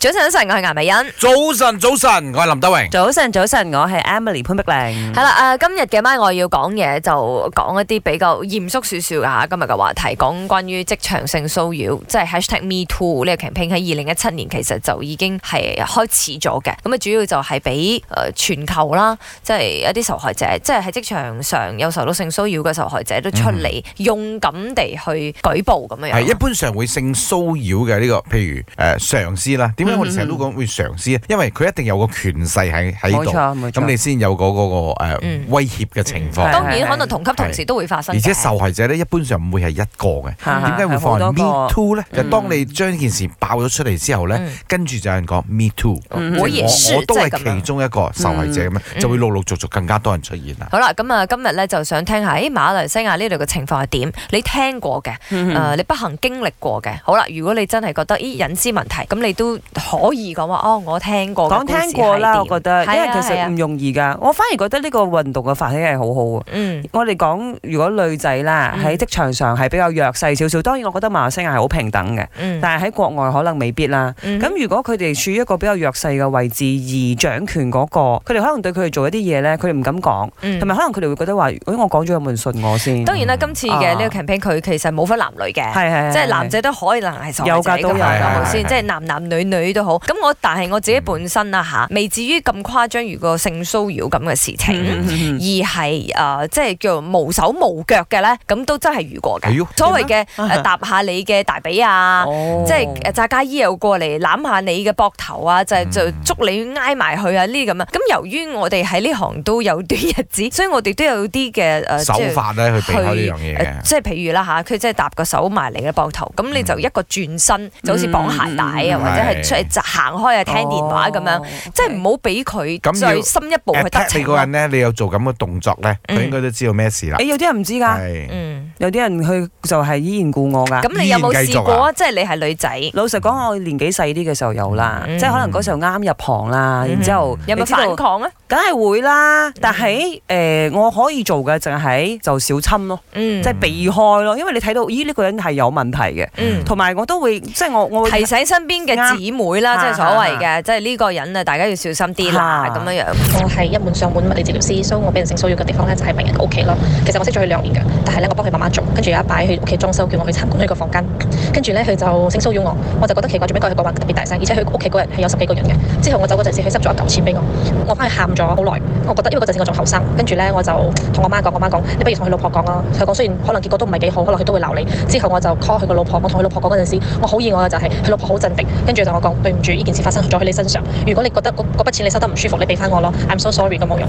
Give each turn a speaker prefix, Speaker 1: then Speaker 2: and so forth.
Speaker 1: 早晨，早晨，早晨，我係顏美欣。
Speaker 2: 早晨，早晨，我係林德榮。早晨，早晨，我係 Emily 潘碧靚。係
Speaker 1: 啦，誒、呃，今日嘅 MY 我要講嘢，就講一啲比較嚴肅少少吓今日嘅話題，講關於職場性騷擾，即係 #MeToo 呢個 campaign 喺二零一七年其實就已經係開始咗嘅。咁啊，主要就係俾誒全球啦，即係一啲受害者，即係喺職場上有受到性騷擾嘅受害者都出嚟勇敢地去舉報咁、嗯、樣。係，一
Speaker 3: 般常會性騷擾嘅呢個，譬如誒、呃、上司啦，我哋成日都講會嘗試啊，因為佢一定有個權勢喺喺度，咁你先有個嗰個誒威脅嘅情況。當然可能同級同事都會發生，而且受害者咧一般上唔會係一個嘅，點解會放 me too 咧？就當你將件事爆咗出嚟之後咧，跟住就有人講 me too，我我都係其中一個受害者咁樣，就會陸陸續續更加多人出現啦。
Speaker 1: 好啦，咁啊今日咧就想聽下，咦馬來西亞呢度嘅情況係點？你聽過嘅，誒你不幸經歷過嘅，好啦，如果你真係覺得咦隱私問題，咁你都，可以講話哦，我聽過講聽過啦，我覺
Speaker 2: 得因為其實唔容易噶。我反而覺得呢個運動嘅發展係好好，我哋講如果女仔啦喺職場上係比較弱勢少少，當然我覺得馬來西亞係好平等嘅。但係喺國外可能未必啦。咁如果佢哋處於一個比較弱勢嘅位置，而掌權嗰個，佢哋可能對佢哋做一啲嘢咧，佢哋唔敢講，同埋可能佢哋會覺得話，哎，我講咗有冇人信我先？當然
Speaker 1: 啦，今次嘅呢個 campaign 佢其實冇分男女嘅，係係係，即係男仔都可能係有㗎都有，係咪先？即係男男女女。都好，咁我但係我自己本身啊吓，未至於咁誇張遇過性騷擾咁嘅事情，而係誒即係叫做無手無腳嘅咧，咁都真係遇過
Speaker 3: 嘅。
Speaker 2: 所
Speaker 1: 謂嘅搭下你嘅大髀啊，即係誒揸家衣又過嚟攬下你嘅膊頭啊，就就捉你挨埋佢啊呢啲咁啊。咁由於我哋喺呢行都有啲日子，所以我哋都有啲嘅手法咧去避開呢樣嘢。即係譬如啦嚇，佢即係搭個手埋嚟嘅膊頭，咁你就一個轉身就好似綁鞋帶啊，或者係就
Speaker 2: 行開啊，聽電話咁樣，oh, okay. 即係唔好俾佢再深一步去得逞。你個人
Speaker 3: 咧，你有做咁嘅動作咧，佢應該都知道咩事啦。誒，有啲人唔知㗎，嗯。有啲人去就係依然故我㗎。咁你有冇試過啊？
Speaker 2: 即係你係女仔。老實講，我年紀細啲嘅時候有啦，即係可能嗰時候啱入行啦，然之後有冇反抗啊？梗係會啦，但係誒，我可以做嘅就係就小侵咯，即係避開咯，因為你睇到，咦呢個人係有問題嘅，
Speaker 1: 同埋我都會即係我我會提醒身邊嘅姊妹啦，即係所謂嘅，即係呢個人啊，大家要小心啲啦咁樣樣。我係一門上門物理治療師，所以我俾人性騷擾嘅地方咧就係病人嘅屋企咯。其實我識咗佢兩年㗎，但係我幫佢慢慢。跟住有一擺去屋企裝修，叫我去參觀一個房間，跟住呢，佢就性騷擾我，我就覺得奇怪，做咩佢係個話特別大聲，而且佢屋企嗰日係有十幾個人嘅。之後我走嗰陣時，佢塞咗一嚿錢俾我，我翻去喊咗好耐，我覺得因為嗰陣時我仲後生，跟住呢，我就同我媽講，我媽講你不如同佢老婆講咯，佢講雖然可能結果都唔係幾好，可能佢都會鬧你。之後我就 call 佢個老婆，我同佢老婆講嗰陣時，我好意外嘅就係、是、佢老婆好鎮定，跟住就我講對唔住呢件事發生咗喺你身上，如果你覺得嗰嗰筆錢你收得唔舒服，你俾翻我咯，I'm so sorry 咁冇用。